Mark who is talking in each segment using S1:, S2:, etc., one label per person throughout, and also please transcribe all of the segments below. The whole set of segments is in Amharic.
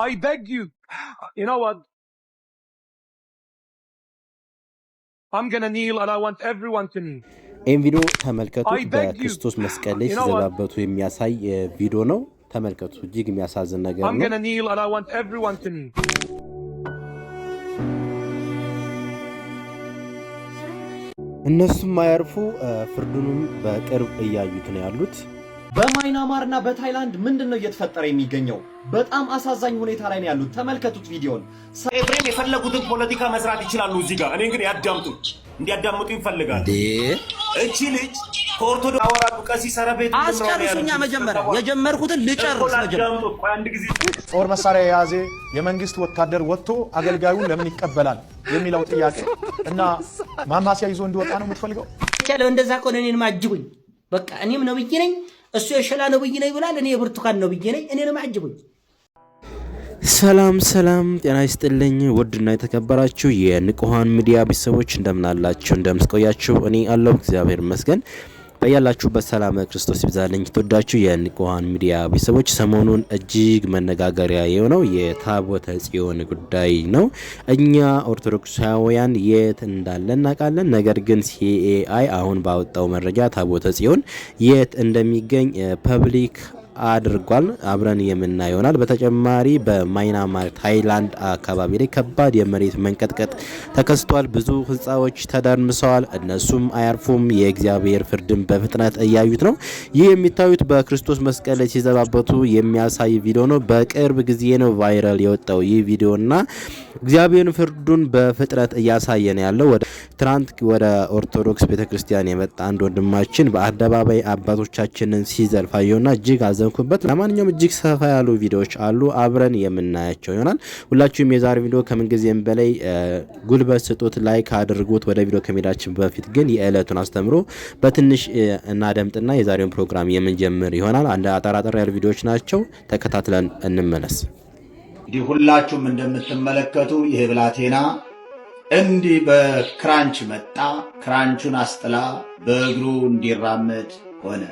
S1: I beg you, you know what? I'm gonna kneel and I want everyone to kneel.
S2: ይህም ቪዲዮ ተመልከቱ። በክርስቶስ መስቀል ላይ ሲዘባበቱ የሚያሳይ ቪዲዮ ነው። ተመልከቱ። እጅግ የሚያሳዝን ነገር ነው። እነሱም አያርፉ፣ ፍርዱንም በቅርብ እያዩት ነው ያሉት።
S3: በማይናማር እና በታይላንድ ምንድን ነው እየተፈጠረ የሚገኘው? በጣም አሳዛኝ ሁኔታ ላይ ነው ያሉት። ተመልከቱት ቪዲዮን።
S4: ኤፍሬም የፈለጉትን ፖለቲካ መስራት ይችላሉ። እዚህ ጋር እኔ ግን ያዳምጡ እንዲያዳምጡ ይፈልጋል። እቺ ልጅ ከኦርቶዶክስ አወራዱ ቀሲስ ሰረቤት
S5: አስጨርሱኛ። መጀመሪያ የጀመርኩትን ልጨርስ።
S6: ጦር መሳሪያ የያዘ የመንግስት ወታደር ወጥቶ አገልጋዩን ለምን ይቀበላል የሚለው ጥያቄ እና ማማሲያ ይዞ እንዲወጣ ነው የምትፈልገው።
S7: ቻለ እንደዛ ከሆነ እኔንም አጅቡኝ። በቃ እኔም ነብይ ነኝ እሱ የሸላ ነብይ ነኝ ብላል። እኔ የብርቱካን ነብይ ነኝ። ነው አጅቡኝ።
S2: ሰላም ሰላም፣ ጤና ይስጥልኝ ውድና የተከበራችሁ የንቁሃን ሚዲያ ቤተሰቦች እንደምናላችሁ እንደምስቆያችሁ፣ እኔ አለሁ እግዚአብሔር ይመስገን። በያላችሁበት ሰላም ክርስቶስ ይብዛልኝ። ተወዳችሁ የንቁሃን ሚዲያ ቤተሰቦች ሰሞኑን እጅግ መነጋገሪያ የሆነው የታቦተ ጽዮን ጉዳይ ነው። እኛ ኦርቶዶክሳውያን የት እንዳለ እናውቃለን። ነገር ግን ሲኤአይ አሁን ባወጣው መረጃ ታቦተ ጽዮን የት እንደሚገኝ ፐብሊክ አድርጓል። አብረን የምናየው ይሆናል። በተጨማሪ በማይናማር ታይላንድ አካባቢ ላይ ከባድ የመሬት መንቀጥቀጥ ተከስቷል። ብዙ ህንፃዎች ተደርምሰዋል። እነሱም አያርፉም። የእግዚአብሔር ፍርድን በፍጥነት እያዩት ነው። ይህ የሚታዩት በክርስቶስ መስቀል ላይ ሲዘባበቱ የሚያሳይ ቪዲዮ ነው። በቅርብ ጊዜ ነው ቫይራል የወጣው ይህ ቪዲዮ ቪዲዮና እግዚአብሔርን ፍርዱን በፍጥነት እያሳየ ነው ያለው። ወደ ትናንት ወደ ኦርቶዶክስ ቤተክርስቲያን የመጣ አንድ ወንድማችን በአደባባይ አባቶቻችንን ሲዘልፋየውና እጅግ አዘ ያዘጋጀንኩበት። ለማንኛውም እጅግ ሰፋ ያሉ ቪዲዮዎች አሉ አብረን የምናያቸው ይሆናል። ሁላችሁም የዛሬ ቪዲዮ ከምንጊዜም በላይ ጉልበት ስጡት፣ ላይክ አድርጉት። ወደ ቪዲዮ ከመሄዳችን በፊት ግን የዕለቱን አስተምሮ በትንሽ እናደምጥና የዛሬውን ፕሮግራም የምንጀምር ይሆናል። አንድ አጠራጠር ያሉ ቪዲዮዎች ናቸው። ተከታትለን እንመለስ።
S8: እንዲህ ሁላችሁም እንደምትመለከቱ ይህ ብላቴና እንዲህ በክራንች መጣ። ክራንቹን አስጥላ በእግሩ እንዲራመድ ሆነ።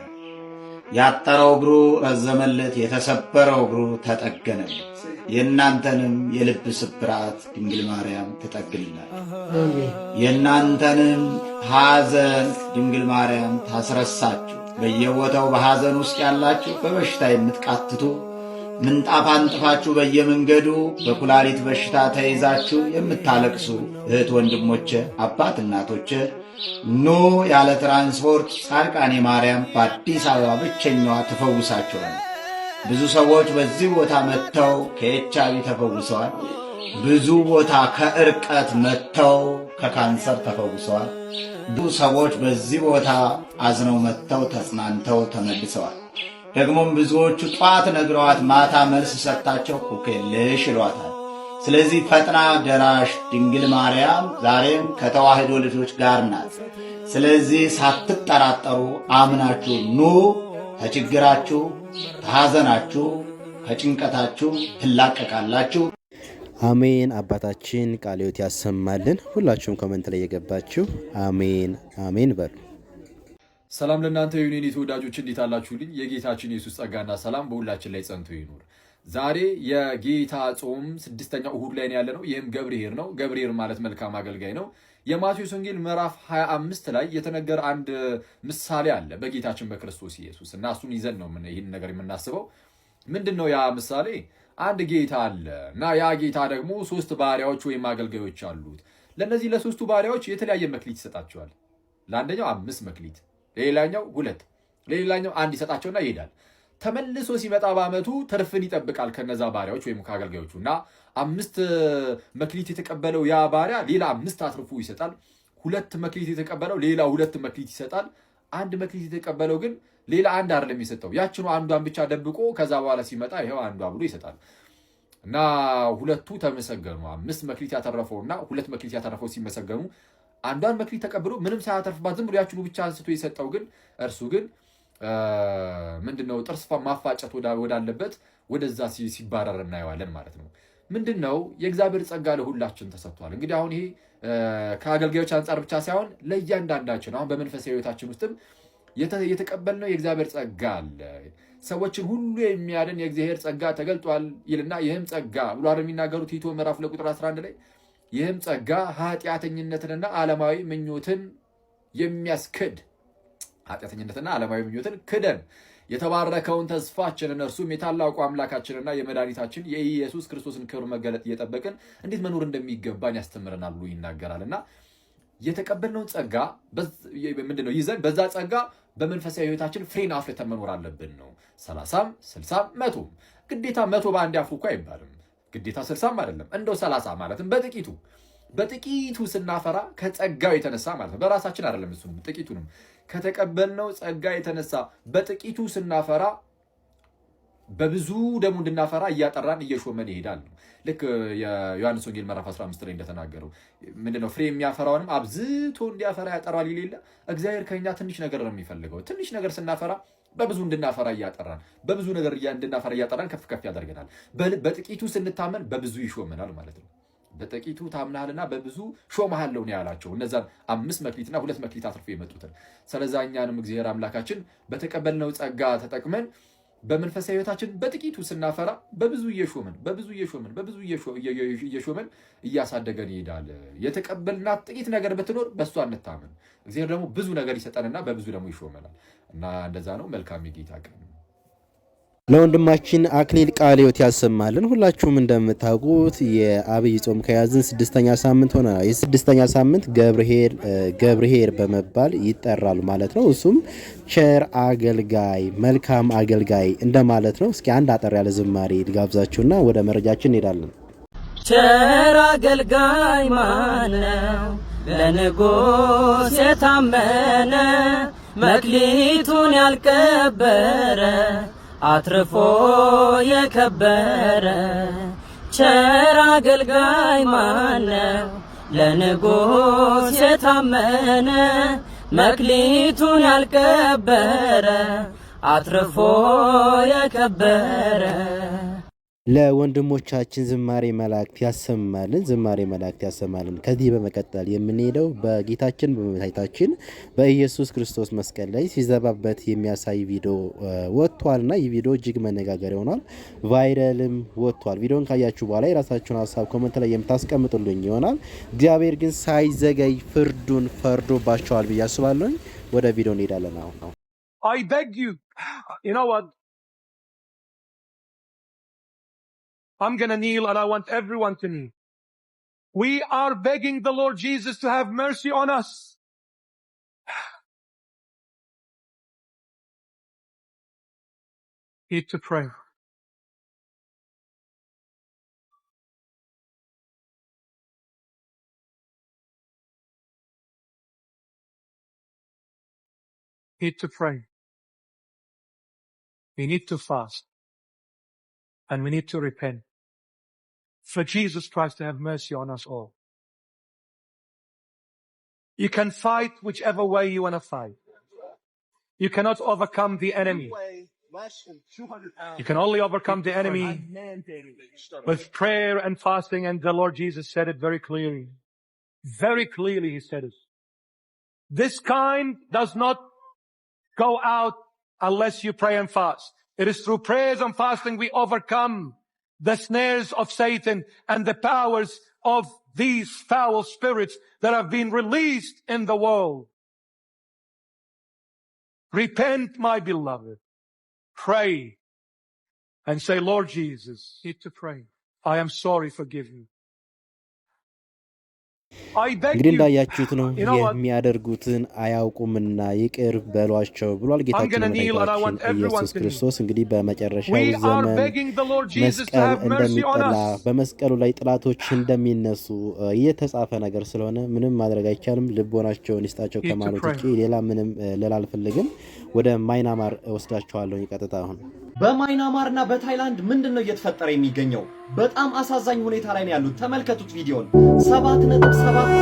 S8: ያጠረው እግሩ ረዘመለት፣ የተሰበረው እግሩ ተጠገነለት። የእናንተንም የልብ ስብራት ድንግል ማርያም ትጠግንላል። የእናንተንም ሐዘን ድንግል ማርያም ታስረሳችሁ። በየቦታው በሐዘን ውስጥ ያላችሁ፣ በበሽታ የምትቃትቱ ምንጣፍ አንጥፋችሁ በየመንገዱ በኩላሊት በሽታ ተይዛችሁ የምታለቅሱ እህት ወንድሞቼ፣ አባት እናቶቼ ኑ ያለ ትራንስፖርት ጻድቃኔ ማርያም በአዲስ አበባ ብቸኛዋ ተፈውሳቸዋል። ብዙ ሰዎች በዚህ ቦታ መጥተው ከኤች አይ ቪ ተፈውሰዋል። ብዙ ቦታ ከእርቀት መጥተው ከካንሰር ተፈውሰዋል። ብዙ ሰዎች በዚህ ቦታ አዝነው መጥተው ተጽናንተው ተመልሰዋል። ደግሞም ብዙዎቹ ጧት ነግረዋት ማታ መልስ ሰጥታቸው ኩኬልሽ ይሏታል። ስለዚህ ፈጥና ደራሽ ድንግል ማርያም ዛሬም ከተዋሕዶ ልጆች ጋር ናት። ስለዚህ ሳትጠራጠሩ አምናችሁ ኑ። ከችግራችሁ ከሐዘናችሁ፣ ከጭንቀታችሁ ትላቀቃላችሁ።
S2: አሜን። አባታችን ቃለ ሕይወት ያሰማልን። ሁላችሁም ኮመንት ላይ የገባችሁ አሜን አሜን በሉ።
S9: ሰላም ለእናንተ ይሁን የኔ ተወዳጆች፣ እንዴት አላችሁልኝ? የጌታችን የሱስ ጸጋና ሰላም በሁላችን ላይ ጸንቶ ይኑር። ዛሬ የጌታ ጾም ስድስተኛው እሁድ ላይ ያለ ነው። ይህም ገብርሄር ነው። ገብርሄር ማለት መልካም አገልጋይ ነው። የማቴዎስ ወንጌል ምዕራፍ 25 ላይ የተነገረ አንድ ምሳሌ አለ በጌታችን በክርስቶስ ኢየሱስ እና እሱን ይዘን ነው ይህን ነገር የምናስበው። ምንድን ነው ያ ምሳሌ? አንድ ጌታ አለ እና ያ ጌታ ደግሞ ሶስት ባሪያዎች ወይም አገልጋዮች አሉት። ለእነዚህ ለሶስቱ ባሪያዎች የተለያየ መክሊት ይሰጣቸዋል። ለአንደኛው አምስት መክሊት፣ ለሌላኛው ሁለት፣ ለሌላኛው አንድ ይሰጣቸውና ይሄዳል። ተመልሶ ሲመጣ በዓመቱ ትርፍን ይጠብቃል ከነዛ ባሪያዎች ወይም ከአገልጋዮቹ እና አምስት መክሊት የተቀበለው ያ ባሪያ ሌላ አምስት አትርፎ ይሰጣል። ሁለት መክሊት የተቀበለው ሌላ ሁለት መክሊት ይሰጣል። አንድ መክሊት የተቀበለው ግን ሌላ አንድ አይደለም የሰጠው ያችኑ አንዷን ብቻ ደብቆ ከዛ በኋላ ሲመጣ ይኸው አንዷ ብሎ ይሰጣል እና ሁለቱ ተመሰገኑ። አምስት መክሊት ያተረፈው እና ሁለት መክሊት ያተረፈው ሲመሰገኑ አንዷን መክሊት ተቀብሎ ምንም ሳያተርፍባት ዝም ብሎ ያችኑ ብቻ አንስቶ የሰጠው ግን እርሱ ግን ምንድነው ጥርስ ማፋጨት ወዳለበት ወደዛ ሲባረር እናየዋለን ማለት ነው። ምንድን ነው የእግዚአብሔር ጸጋ ለሁላችን ተሰጥቷል። እንግዲህ አሁን ይሄ ከአገልጋዮች አንጻር ብቻ ሳይሆን ለእያንዳንዳችን አሁን በመንፈሳዊ ሕይወታችን ውስጥም የተቀበልነው የእግዚአብሔር ጸጋ አለ። ሰዎችን ሁሉ የሚያድን የእግዚአብሔር ጸጋ ተገልጧል ይልና ይህም ጸጋ ብሎ የሚናገሩት ቲቶ ምዕራፍ ለቁጥር 11 ላይ ይህም ጸጋ ኃጢአተኝነትንና ዓለማዊ ምኞትን የሚያስክድ ኃጢአተኝነትና ዓለማዊ ምኞትን ክደን የተባረከውን ተስፋችንን እርሱም የታላቁ አምላካችንና የመድኃኒታችን የኢየሱስ ክርስቶስን ክብር መገለጥ እየጠበቅን እንዴት መኖር እንደሚገባን ያስተምረናል ብሎ ይናገራል እና የተቀበልነውን ጸጋ ምንድነው ይዘን በዛ ጸጋ በመንፈሳዊ ህይወታችን ፍሬን አፍርተን መኖር አለብን ነው። ሰላሳም ስልሳም መቶም ግዴታ መቶ በአንድ አፍሩ እኮ አይባልም። ግዴታ ስልሳም አይደለም እንደው ሰላሳ ማለትም በጥቂቱ በጥቂቱ ስናፈራ ከጸጋው የተነሳ ማለት ነው። በራሳችን አይደለም፣ እሱ ጥቂቱንም ከተቀበልነው ጸጋ የተነሳ በጥቂቱ ስናፈራ በብዙ ደግሞ እንድናፈራ እያጠራን እየሾመን ይሄዳል። ልክ የዮሐንስ ወንጌል ምዕራፍ 15 ላይ እንደተናገረው ምንድነው ፍሬ የሚያፈራውንም አብዝቶ እንዲያፈራ ያጠራል ይሌለ እግዚአብሔር ከኛ ትንሽ ነገር ነው የሚፈልገው። ትንሽ ነገር ስናፈራ በብዙ እንድናፈራ እያጠራን በብዙ ነገር እንድናፈራ እያጠራን ከፍ ከፍ ያደርገናል። በጥቂቱ ስንታመን በብዙ ይሾመናል ማለት ነው። በጥቂቱ ታምናህልና በብዙ ሾመሃለው ነው ያላቸው። እነዛን አምስት መክሊትና ሁለት መክሊት አትርፎ የመጡትን። ስለዛ እኛንም እግዚአብሔር አምላካችን በተቀበልነው ጸጋ ተጠቅመን በመንፈሳዊ ሕይወታችን በጥቂቱ ስናፈራ በብዙ እየሾመን በብዙ እየሾመን በብዙ እየሾመን እያሳደገን ይሄዳል። የተቀበልናት ጥቂት ነገር ብትኖር በእሷ እንታመን። እግዚአብሔር ደግሞ ብዙ ነገር ይሰጠንና በብዙ ደግሞ ይሾመናል እና እንደዛ ነው። መልካም የጌታ ቀን
S2: ለወንድማችን አክሊል ቃለ ሕይወት ያሰማልን። ሁላችሁም እንደምታውቁት የአብይ ጾም ከያዝን ስድስተኛ ሳምንት ሆነ። የስድስተኛ ሳምንት ገብርሄር ገብርኄር በመባል ይጠራል ማለት ነው። እሱም ቸር አገልጋይ፣ መልካም አገልጋይ እንደማለት ነው። እስኪ አንድ አጠር ያለ ዝማሬ ልጋብዛችሁና ወደ መረጃችን እንሄዳለን።
S10: ቸር አገልጋይ ማነው? ለንጉሥ የታመነ መክሊቱን ያልቀበረ አትርፎ የከበረ ቸር አገልጋይ ማነው? ለንጉሥ የታመነ መክሊቱን ያልቀበረ አትርፎ የከበረ
S2: ለወንድሞቻችን ዝማሬ መላእክት ያሰማልን፣ ዝማሬ መላእክት ያሰማልን። ከዚህ በመቀጠል የምንሄደው በጌታችን በመታይታችን በኢየሱስ ክርስቶስ መስቀል ላይ ሲዘባበት የሚያሳይ ቪዲዮ ወጥቷልና ይህ ቪዲዮ እጅግ መነጋገሪያ ሆኗል፣ ቫይረልም ወጥቷል። ቪዲዮን ካያችሁ በኋላ የራሳችሁን ሀሳብ ኮመንት ላይ የምታስቀምጡልኝ ይሆናል። እግዚአብሔር ግን ሳይዘገይ ፍርዱን ፈርዶባቸዋል ብዬ አስባለሁኝ። ወደ ቪዲዮ እንሄዳለን አሁን
S1: I'm going to kneel and I want everyone to kneel. We are begging the Lord Jesus to have mercy on us. Need to pray. Need to pray. We need to fast and we need to repent. For Jesus Christ to have mercy on us all. You can fight whichever way you want to fight. You cannot overcome the enemy. You can only overcome the enemy with prayer and fasting and the Lord Jesus said it very clearly. Very clearly he said it. This kind does not go out unless you pray and fast. It is through prayers and fasting we overcome the snares of Satan and the powers of these foul spirits that have been released in the world. Repent, my beloved. Pray and say, Lord Jesus, need to pray. I am sorry, forgive me.
S2: እንግዲህ እንዳያችሁት ነው የሚያደርጉትን አያውቁምና ይቅር በሏቸው ብሏል ጌታችን ኢየሱስ ክርስቶስ። እንግዲህ በመጨረሻው ዘመን መስቀል እንደሚጠላ በመስቀሉ ላይ ጥላቶች እንደሚነሱ እየተጻፈ ነገር ስለሆነ ምንም ማድረግ አይቻልም። ልቦናቸውን ይስጣቸው ከማለት ውጭ ሌላ ምንም ልል አልፈልግም። ወደ ማይናማር ወስዳቸዋለሁ። ቀጥታ አሁን
S3: በማይናማር እና በታይላንድ ምንድን ነው እየተፈጠረ የሚገኘው? በጣም አሳዛኝ ሁኔታ ላይ ነው ያሉት። ተመልከቱት ቪዲዮን ሰባት ነጥብ ሰባት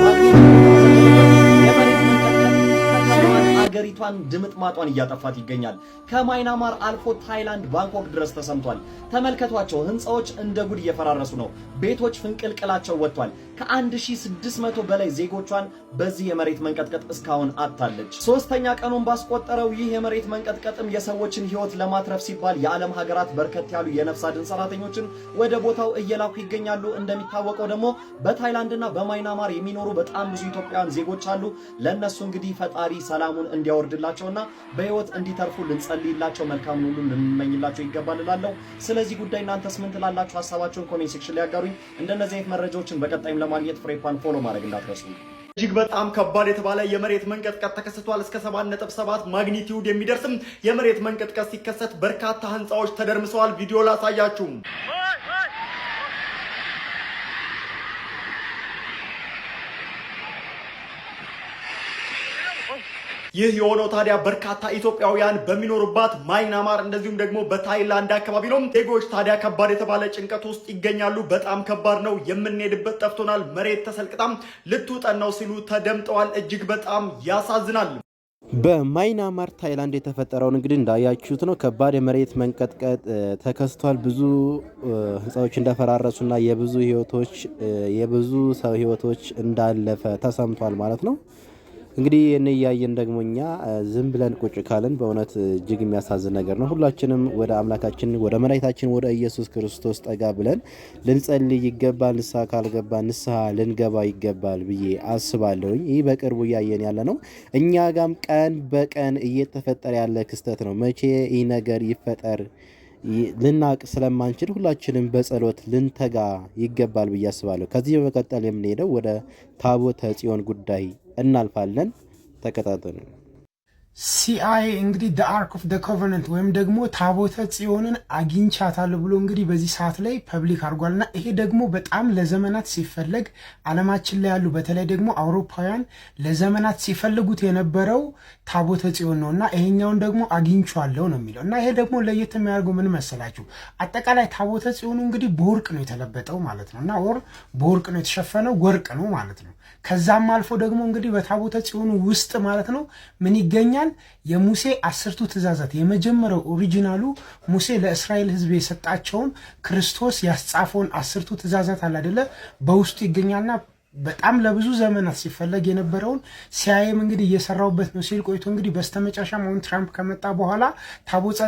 S3: ሀገሪቷን ድምጥ ማጧን እያጠፋት ይገኛል። ከማይናማር አልፎ ታይላንድ ባንኮክ ድረስ ተሰምቷል። ተመልከቷቸው፣ ህንፃዎች እንደ ጉድ እየፈራረሱ ነው። ቤቶች ፍንቅልቅላቸው ወጥቷል። ከ1600 በላይ ዜጎቿን በዚህ የመሬት መንቀጥቀጥ እስካሁን አጥታለች። ሶስተኛ ቀኑን ባስቆጠረው ይህ የመሬት መንቀጥቀጥም የሰዎችን ህይወት ለማትረፍ ሲባል የዓለም ሀገራት በርከት ያሉ የነፍስ አድን ሰራተኞችን ወደ ቦታው እየላኩ ይገኛሉ። እንደሚታወቀው ደግሞ በታይላንድና በማይናማር የሚኖሩ በጣም ብዙ ኢትዮጵያውያን ዜጎች አሉ። ለእነሱ እንግዲህ ፈጣሪ ሰላሙን እንዲያወርድላቸውና በህይወት እንዲተርፉ ልንጸልይላቸው መልካምን ሁሉ ልንመኝላቸው ይገባል እላለሁ። ስለዚህ ጉዳይ እናንተስ ምን ትላላችሁ? ሀሳባቸውን ኮሜንት ሴክሽን ላይ ያጋሩኝ። እንደነዚህ አይነት መረጃዎችን በቀጣይም ለማግኘት ፍሬፓን ፎሎ ማድረግ እንዳትረሱ። እጅግ በጣም ከባድ የተባለ የመሬት መንቀጥቀጥ ተከስቷል። እስከ 7.7 ማግኒቲዩድ የሚደርስም የመሬት መንቀጥቀጥ ሲከሰት በርካታ ህንፃዎች ተደርምሰዋል። ቪዲዮ ላሳያችሁም ይህ የሆነው ታዲያ በርካታ ኢትዮጵያውያን በሚኖሩባት ማይናማር እንደዚሁም ደግሞ በታይላንድ አካባቢ ነው። ዜጎች ታዲያ ከባድ የተባለ ጭንቀት ውስጥ ይገኛሉ። በጣም ከባድ ነው፣ የምንሄድበት ጠፍቶናል፣ መሬት ተሰልቅጣም ልትውጠን ነው ሲሉ ተደምጠዋል። እጅግ በጣም ያሳዝናል።
S2: በማይናማር ታይላንድ የተፈጠረውን እንግዲህ እንዳያችሁት ነው። ከባድ የመሬት መንቀጥቀጥ ተከስቷል። ብዙ ሕንፃዎች እንደፈራረሱና የብዙ ህይወቶች የብዙ ሰው ህይወቶች እንዳለፈ ተሰምቷል ማለት ነው። እንግዲህ ይህን እያየን ደግሞ እኛ ዝም ብለን ቁጭ ካልን በእውነት እጅግ የሚያሳዝን ነገር ነው። ሁላችንም ወደ አምላካችን ወደ መድኃኒታችን ወደ ኢየሱስ ክርስቶስ ጠጋ ብለን ልንጸልይ ይገባል። ንስሐ ካልገባ ንስሐ ልንገባ ይገባል ብዬ አስባለሁኝ። ይህ በቅርቡ እያየን ያለ ነው። እኛ ጋም ቀን በቀን እየተፈጠረ ያለ ክስተት ነው። መቼ ይህ ነገር ይፈጠር ልናቅ ስለማንችል ሁላችንም በጸሎት ልንተጋ ይገባል ብዬ አስባለሁ። ከዚህ በመቀጠል የምንሄደው ወደ ታቦተ ጽዮን ጉዳይ እናልፋለን። ተከታተሉ።
S3: ሲአይኤ እንግዲህ ደ አርክ ኦፍ ደ ኮቨነንት ወይም ደግሞ ታቦተ ጽዮንን አግኝቻታለሁ ብሎ እንግዲህ በዚህ ሰዓት ላይ ፐብሊክ እና ይሄ ደግሞ በጣም ለዘመናት ሲፈለግ አለማችን ላይ ያሉ በተለይ ደግሞ አውሮፓውያን ለዘመናት ሲፈልጉት የነበረው ታቦተ ጽዮን ነው እና ይሄኛውን ደግሞ አለው ነው የሚለው እና ይሄ ደግሞ ለየት የሚያደርገው ምን መሰላችሁ? አጠቃላይ ታቦተ ጽዮኑ እንግዲህ በወርቅ ነው የተለበጠው ማለት ነው እና ወር በወርቅ ነው የተሸፈነው ወርቅ ነው ማለት ነው ከዛም አልፎ ደግሞ እንግዲህ በታቦተ ጽዮኑ ውስጥ ማለት ነው ምን ይገኛል? የሙሴ አስርቱ ትእዛዛት የመጀመሪያው ኦሪጂናሉ ሙሴ ለእስራኤል ሕዝብ የሰጣቸውን ክርስቶስ ያስጻፈውን አስርቱ ትእዛዛት አለ አይደለ? በውስጡ ይገኛልና በጣም ለብዙ ዘመናት ሲፈለግ የነበረውን ሲያይም እንግዲህ እየሰራውበት ነው ሲል ቆይቶ እንግዲህ በስተመጨረሻም አሁን ትራምፕ ከመጣ በኋላ ታቦተ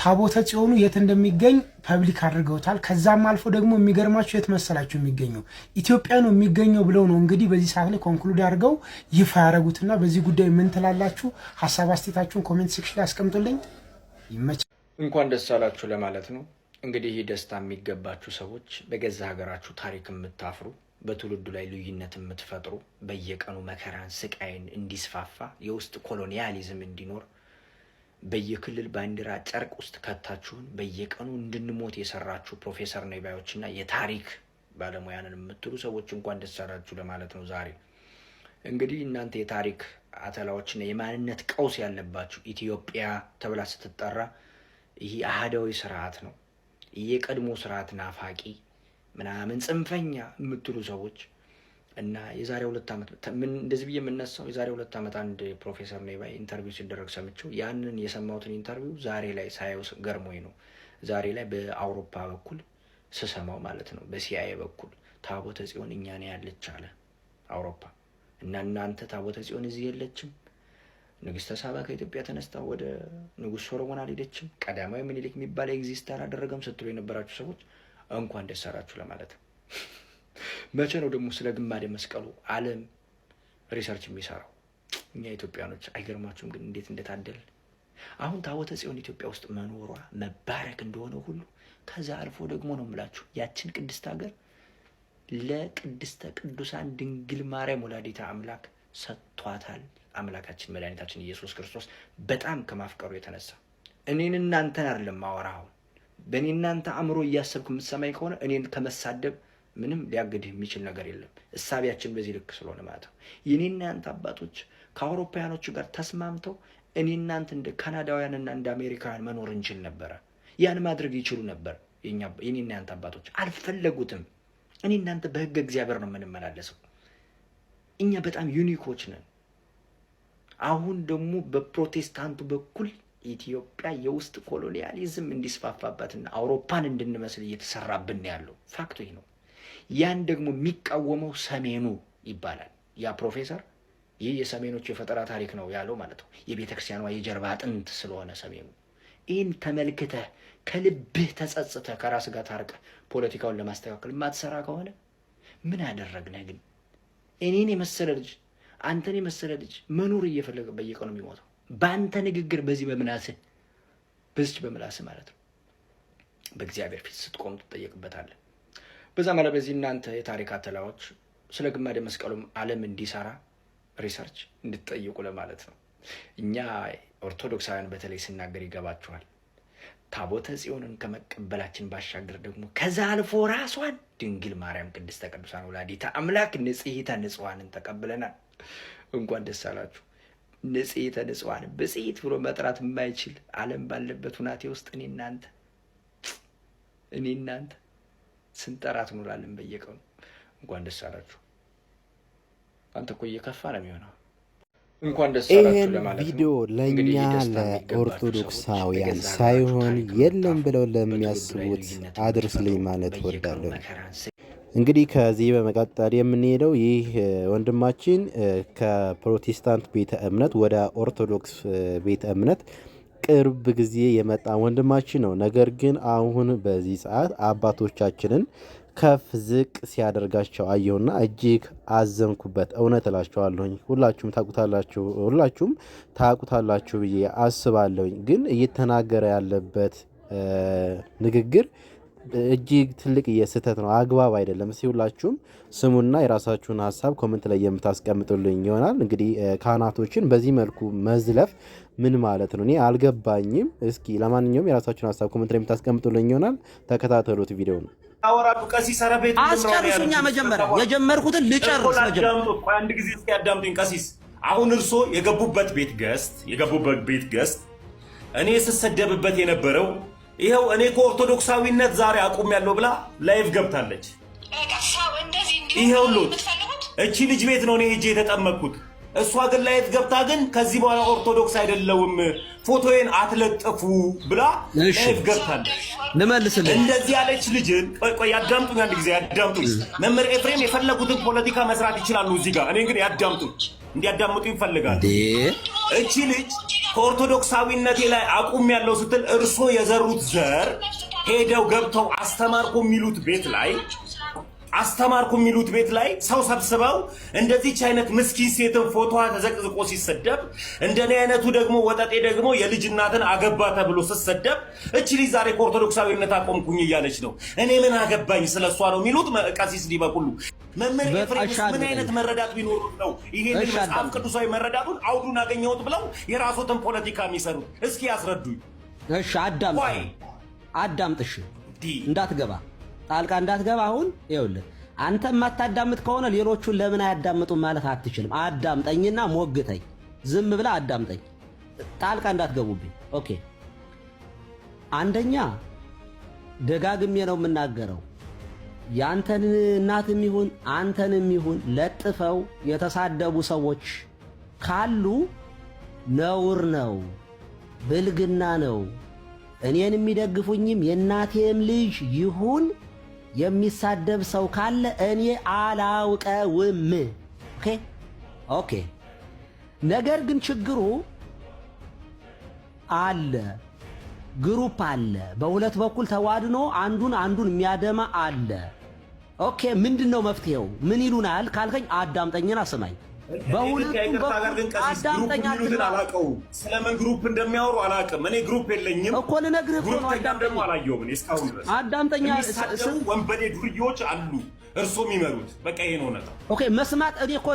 S3: ታቦተ ጽዮኑ የት እንደሚገኝ ፐብሊክ አድርገውታል። ከዛም አልፎ ደግሞ የሚገርማቸው የት መሰላቸው የሚገኘው ኢትዮጵያ ነው የሚገኘው ብለው ነው እንግዲህ በዚህ ሰዓት ላይ ኮንክሉድ አድርገው ይፋ ያደረጉትና በዚህ ጉዳይ ምን ትላላችሁ? ሀሳብ አስቴታችሁን ኮሜንት ሴክሽን ላይ አስቀምጡልኝ።
S11: ይመች እንኳን ደስ አላችሁ ለማለት ነው እንግዲህ ይህ ደስታ የሚገባችሁ ሰዎች በገዛ ሀገራችሁ ታሪክ የምታፍሩ በትውልዱ ላይ ልዩነት የምትፈጥሩ በየቀኑ መከራን ስቃይን እንዲስፋፋ የውስጥ ኮሎኒያሊዝም እንዲኖር በየክልል ባንዲራ ጨርቅ ውስጥ ከታችሁን በየቀኑ እንድንሞት የሰራችሁ ፕሮፌሰር ነቢያዎችና የታሪክ ባለሙያንን የምትሉ ሰዎች እንኳን ደስ ለማለት ነው። ዛሬ እንግዲህ እናንተ የታሪክ አተላዎችና የማንነት ቀውስ ያለባችሁ ኢትዮጵያ ተብላ ስትጠራ ይህ አህዳዊ ስርዓት ነው የቀድሞ ስርዓት ናፋቂ ምናምን ጽንፈኛ የምትሉ ሰዎች እና የዛሬ ሁለት ዓመት እንደዚህ ብዬ የምነሳው የዛሬ ሁለት ዓመት አንድ ፕሮፌሰር ኔባ ኢንተርቪው ሲደረግ ሰምቼው ያንን የሰማሁትን ኢንተርቪው ዛሬ ላይ ሳየው ገርሞኝ ነው። ዛሬ ላይ በአውሮፓ በኩል ስሰማው ማለት ነው በሲአይኤ በኩል ታቦተ ጽዮን እኛ ነው ያለች አለ አውሮፓ እና እናንተ ታቦተ ጽዮን እዚህ የለችም። ንግስተ ሳባ ከኢትዮጵያ ተነስታ ወደ ንጉሥ ሶሎሞን አልሄደችም። ቀዳማዊ ምኒልክ የሚባል ኤግዚስት አላደረገም ስትሉ የነበራችሁ ሰዎች እንኳን ደስ አላችሁ ለማለት ነው። መቼ ነው ደግሞ ስለ ግማደ መስቀሉ ዓለም ሪሰርች የሚሰራው? እኛ ኢትዮጵያኖች አይገርማችሁም? ግን እንዴት እንደታደል አሁን ታቦተ ጽዮን ኢትዮጵያ ውስጥ መኖሯ መባረክ እንደሆነ ሁሉ ከዛ አልፎ ደግሞ ነው የምላችሁ ያችን ቅድስት ሀገር ለቅድስተ ቅዱሳን ድንግል ማርያም ወላዲተ አምላክ ሰጥቷታል። አምላካችን መድኃኒታችን ኢየሱስ ክርስቶስ በጣም ከማፍቀሩ የተነሳ እኔን እናንተን አይደለም አሁን በእኔ እናንተ አእምሮ እያሰብክ የምትሰማኝ ከሆነ እኔን ከመሳደብ ምንም ሊያግድህ የሚችል ነገር የለም። እሳቢያችን በዚህ ልክ ስለሆነ ማለት ነው። የኔና እናንተ አባቶች ከአውሮፓውያኖቹ ጋር ተስማምተው እኔ እናንተ እንደ ካናዳውያንና እንደ አሜሪካውያን መኖር እንችል ነበረ። ያን ማድረግ ይችሉ ነበር። የኔና እናንተ አባቶች አልፈለጉትም። እኔ እናንተ በህገ እግዚአብሔር ነው የምንመላለሰው። እኛ በጣም ዩኒኮች ነን። አሁን ደግሞ በፕሮቴስታንቱ በኩል ኢትዮጵያ የውስጥ ኮሎኒያሊዝም እንዲስፋፋባትና አውሮፓን እንድንመስል እየተሰራብን ያለው ፋክቶ ይህ ነው። ያን ደግሞ የሚቃወመው ሰሜኑ ይባላል። ያ ፕሮፌሰር ይህ የሰሜኖች የፈጠራ ታሪክ ነው ያለው ማለት ነው። የቤተ ክርስቲያኗ የጀርባ አጥንት ስለሆነ ሰሜኑ። ይህን ተመልክተህ ከልብህ ተጸጽተህ ከራስ ጋር ታርቀህ ፖለቲካውን ለማስተካከል የማትሰራ ከሆነ ምን አደረግነህ ግን? እኔን የመሰለ ልጅ አንተን የመሰለ ልጅ መኖር እየፈለገ በየቀኑ የሚሞተው በአንተ ንግግር፣ በዚህ በምላስህ በዚች በምላስህ ማለት ነው። በእግዚአብሔር ፊት ስትቆም ትጠየቅበታለህ። በዛ ማለት በዚህ እናንተ የታሪክ አተላዎች ስለ ግማደ መስቀሉም ዓለም እንዲሰራ ሪሰርች እንድትጠይቁ ለማለት ነው። እኛ ኦርቶዶክሳውያን በተለይ ስናገር ይገባችኋል። ታቦተ ጽዮንን ከመቀበላችን ባሻገር ደግሞ ከዛ አልፎ ራሷን ድንግል ማርያም ቅድስተ ቅዱሳን ወላዲተ አምላክ ንጽሕተ ንጽዋንን ተቀብለናል። እንኳን ደስ አላችሁ። ንጽሕተ ንጽዋን ብጽሕት ብሎ መጥራት የማይችል ዓለም ባለበት ሁናቴ ውስጥ እኔ እናንተ እኔ እናንተ ስንጠራት እንውላለን በየቀኑ። እንኳን ደስ አላችሁ። አንተ እኮ እየከፋ ነው የሚሆነው።
S2: ይህን ቪዲዮ ለእኛ ለኦርቶዶክሳውያን ሳይሆን የለም ብለው ለሚያስቡት አድርስልኝ ማለት እወዳለሁ። እንግዲህ ከዚህ በመቀጠል የምንሄደው ይህ ወንድማችን ከፕሮቴስታንት ቤተ እምነት ወደ ኦርቶዶክስ ቤተ እምነት ቅርብ ጊዜ የመጣ ወንድማችን ነው። ነገር ግን አሁን በዚህ ሰዓት አባቶቻችንን ከፍ ዝቅ ሲያደርጋቸው አየሁና እጅግ አዘንኩበት። እውነት እላችኋለሁኝ ሁላችሁም ታቁታላችሁ ሁላችሁም ታቁታላችሁ ብዬ አስባለሁኝ። ግን እየተናገረ ያለበት ንግግር እጅግ ትልቅ የስህተት ነው፣ አግባብ አይደለም። እስኪ ሁላችሁም ስሙና የራሳችሁን ሀሳብ ኮመንት ላይ የምታስቀምጡልኝ ይሆናል። እንግዲህ ካህናቶችን በዚህ መልኩ መዝለፍ ምን ማለት ነው? እኔ አልገባኝም። እስኪ ለማንኛውም የራሳችሁን ሀሳብ ኮመንት ላይ የምታስቀምጡልኝ ይሆናል። ተከታተሉት ቪዲዮ ነው።
S3: አስጨርሱኛ መጀመሪያ የጀመርኩትን ልጨርስ።
S4: አንድ ጊዜ እስኪ አዳምጡኝ ቀሲስ። አሁን እርሶ የገቡበት ቤት ገስት የገቡበት ቤት ገስት እኔ ስሰደብበት የነበረው ይኸው እኔ ከኦርቶዶክሳዊነት ዛሬ አቁም ያለው ብላ ላይቭ ገብታለች። ይኸውልዎት እቺ ልጅ ቤት ነው እኔ ሄጄ የተጠመቅኩት። እሷ ግን ላይቭ ገብታ ግን ከዚህ በኋላ ኦርቶዶክስ አይደለውም ፎቶዬን አትለጥፉ ብላ ላይቭ ገብታለች። ንመልስልኝ እንደዚህ ያለች ልጅን ቆይ ያዳምጡኝ፣ አንድ ጊዜ ያዳምጡኝ። መምህር ኤፍሬም የፈለጉትን ፖለቲካ መስራት ይችላሉ እዚህ ጋር። እኔ ግን ያዳምጡኝ፣ እንዲያዳምጡ ይፈልጋል እቺ ልጅ ከኦርቶዶክሳዊነቴ ላይ አቁም ያለው ስትል እርሶ የዘሩት ዘር ሄደው ገብተው አስተማርኩ የሚሉት ቤት ላይ አስተማርኩ የሚሉት ቤት ላይ ሰው ሰብስበው እንደዚች አይነት ምስኪን ሴትን ፎቶዋ ተዘቅዝቆ ሲሰደብ፣ እንደኔ አይነቱ ደግሞ ወጠጤ ደግሞ የልጅ እናትን አገባ ተብሎ ስሰደብ፣ እች ልጅ ዛሬ ከኦርቶዶክሳዊነት አቆምኩኝ እያለች ነው። እኔ ምን አገባኝ ስለሷ ነው የሚሉት ቀሲስ ሊበቁሉ መምህር ኤፍሬም ምን አይነት መረዳት ቢኖሩ ነው ይሄንን መጽሐፍ ቅዱሳዊ መረዳቱን አውዱን አገኘሁት ብለው የራሱትን ፖለቲካ የሚሰሩት? እስኪ ያስረዱኝ።
S5: እሺ አዳምጥ፣ አዳምጥ፣ እንዳትገባ ጣልቃ እንዳትገባ አሁን ይኸውልህ አንተ የማታዳምጥ ከሆነ ሌሎቹን ለምን አያዳምጡም ማለት አትችልም። አዳምጠኝና ሞግተኝ፣ ዝም ብላ አዳምጠኝ። ጣልቃ እንዳትገቡብኝ። ኦኬ። አንደኛ ደጋግሜ ነው የምናገረው፣ ያንተን እናትም ይሁን አንተንም ይሁን ለጥፈው የተሳደቡ ሰዎች ካሉ ነውር ነው፣ ብልግና ነው። እኔን የሚደግፉኝም የእናቴም ልጅ ይሁን የሚሳደብ ሰው ካለ እኔ አላውቀውም። ኦኬ ኦኬ። ነገር ግን ችግሩ አለ፣ ግሩፕ አለ፣ በሁለት በኩል ተዋድኖ አንዱን አንዱን የሚያደማ አለ። ኦኬ ምንድን ነው መፍትሄው? ምን ይሉናል ካልከኝ፣ አዳምጠኝና ስማኝ።
S4: ስለምን ግሩፕ እንደሚያወሩ አላውቅም። እኔ ግሩፕ የለኝም
S5: እኮ ልነግርህ እኮ
S4: ነው። አዳምጠኛ ወንበዴ ዱርዬዎች አሉ እርሱ የሚመሩት በቃ ይሄ ነው
S5: ኦኬ መስማት እኔ እኮ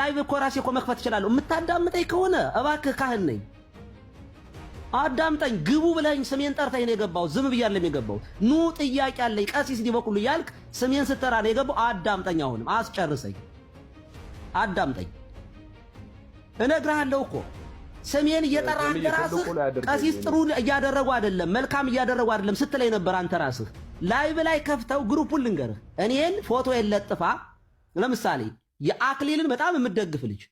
S5: ላይቭ እኮ ራሴ እኮ መክፈት እችላለሁ። የምታዳምጠኝ ከሆነ እባክህ ካህን ነኝ አዳምጠኝ። ግቡ ብለኝ ስሜን ጠርተኝ ነው የገባሁት። ዝም ብያለሁ ኑ ጥያቄ አለኝ ቀሲስ ዲበኩሉ ስሜን ስትጠራ ነው አዳምጠኝ፣ አሁንም አስጨርሰኝ። አዳምጠኝ፣ እነግርሃለሁ እኮ ስሜን እየጠራ አንተ ራስህ ቀሲስ ጥሩ እያደረጉ አይደለም፣ መልካም እያደረጉ አይደለም ስትለኝ ነበር። አንተ ራስህ ላይቭ ላይ ከፍተው ግሩፑን ልንገርህ፣ እኔን ፎቶ የለጥፋ ለምሳሌ የአክሊልን በጣም የምደግፍ ልጅ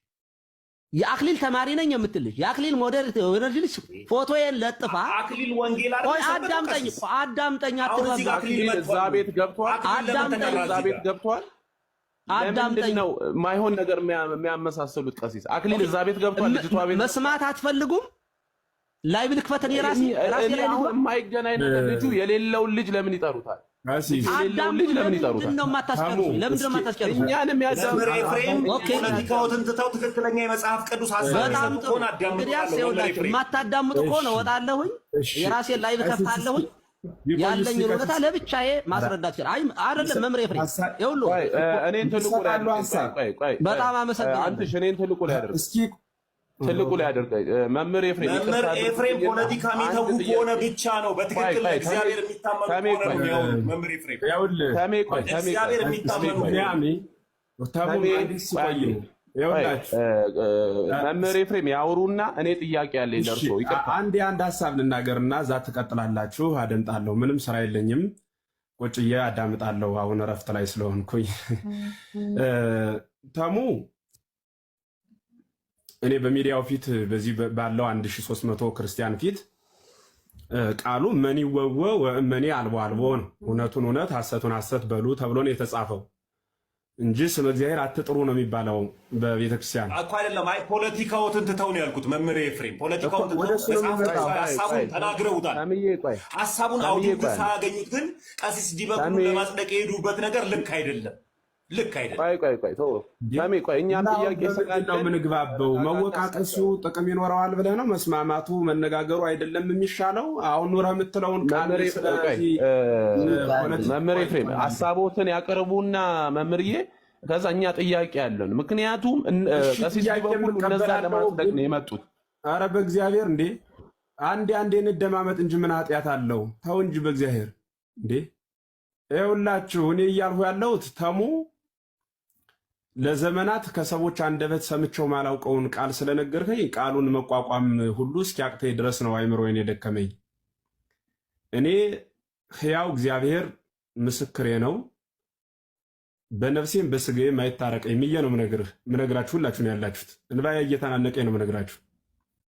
S5: የአክሊል ተማሪ ነኝ የምትል ልጅ የአክሊል ሞዴል ልጅ ፎቶዬን ለጥፋ።
S4: አክሊል ወንጌል
S5: አዳምጠኝ፣ አዳምጠኝ፣
S4: አትበዛ። ቤት ገብቷል። አዳምጠኝ፣ ቤት ገብቷል። አዳምጠኝ። ማይሆን ነገር የሚያመሳሰሉት? ቀሲስ አክሊል እዛ ቤት ገብቷል።
S5: ልጅቷ ቤት መስማት አትፈልጉም? ላይ ብልክፈት እኔ ራሴ
S4: ራሴ ላይ ነው የማይገናኝ ነገር። ልጁ የሌለውን ልጅ ለምን ይጠሩታል?
S5: ልጅ ለምን ይጠሩታል? ማታዳምጡ ከሆነ ወጣለሁኝ፣ የራሴን ላይ ብከፍታለሁኝ ያለኝ ቦታ ለብቻዬ ማስረዳት ይችላል። አይደለም መምሬ ፍሬ ይሁሉ
S4: እኔን ትልቁ ላይ በጣም አመሰግናለሁ። እኔን ትልቁ ላይ አደርግ እስኪ ትልቁ ላይ አደርጋይ መምህር ኤፍሬም መምሬ ኤፍሬም ፖለቲካ የሚተው ከሆነ ብቻ ነው በትክክል እግዚአብሔር የሚታመኑ ከሆነ ነው። መምህር ኤፍሬም ይኸውልህ ተሜ ቆይ ተሜ ቆይ እግዚአብሔር የሚታመኑ ተሜ ተሜ ቆይ መምህር ኤፍሬም ያውሩና እኔ ጥያቄ ያለ ደርሶ አንድ የአንድ ሀሳብ ልናገርና እዛ ትቀጥላላችሁ። አደምጣለሁ። ምንም ስራ የለኝም፣ ቁጭዬ አዳምጣለሁ። አሁን እረፍት ላይ ስለሆንኩኝ ተሙ እኔ በሚዲያው ፊት በዚህ ባለው 1300 ክርስቲያን ፊት ቃሉ መኒ ወወ ወእመኒ አልቦ አልቦ ነው። እውነቱን እውነት ሐሰቱን ሐሰት በሉ ተብሎ ነው የተጻፈው። እንጂ ስለ እግዚአብሔር አትጥሩ ነው የሚባለው በቤተክርስቲያን ክርስቲያን እኮ አይደለም። አይ ፖለቲካዎትን ትተው ነው ያልኩት መምህር ኤፍሬም። ፖለቲካውን ሀሳቡን ተናግረውታል። ሀሳቡን አውዲት ሳያገኙት ግን ቀሲስ ዲበኩ ለማጽደቅ የሄዱበት ነገር ልክ አይደለም። ልክ አይደለም። ቆይ ቆይ ቆይ ተው ማሜ፣ ቆይ እኛ ጥያቄ ሰጣለው። የምንግባበው መወቃቀሱ ጥቅም ይኖረዋል ብለህ ነው? መስማማቱ መነጋገሩ አይደለም የሚሻለው? አሁን ኑረህ የምትለውን መምህር ኤፍሬም ሀሳቦትን ያቀርቡና መምህርዬ፣ ከዛ እኛ ጥያቄ ያለን ምክንያቱም ቀሲስ በኩል እነዛ ለማጽደቅ ነው የመጡት። አረ በእግዚአብሔር እንዴ! አንዴ አንዴ እንደማመጥ እንጂ ምን ኃጢአት አለው? ተው እንጂ በእግዚአብሔር እንዴ! ይኸውላችሁ እኔ እያልሁ ያለሁት ተሙ ለዘመናት ከሰዎች አንደበት ሰምቸው ማላውቀውን ቃል ስለነገርከኝ ቃሉን መቋቋም ሁሉ እስኪያቅተኝ ድረስ ነው አይምሮዬን የደከመኝ። እኔ ሕያው እግዚአብሔር ምስክሬ ነው፣ በነፍሴም በስጋዬም አይታረቀኝ ብዬ ነው ምነግራችሁ። ሁላችሁ ነው ያላችሁት። እንባዬ እየተናነቀኝ ነው ምነግራችሁ።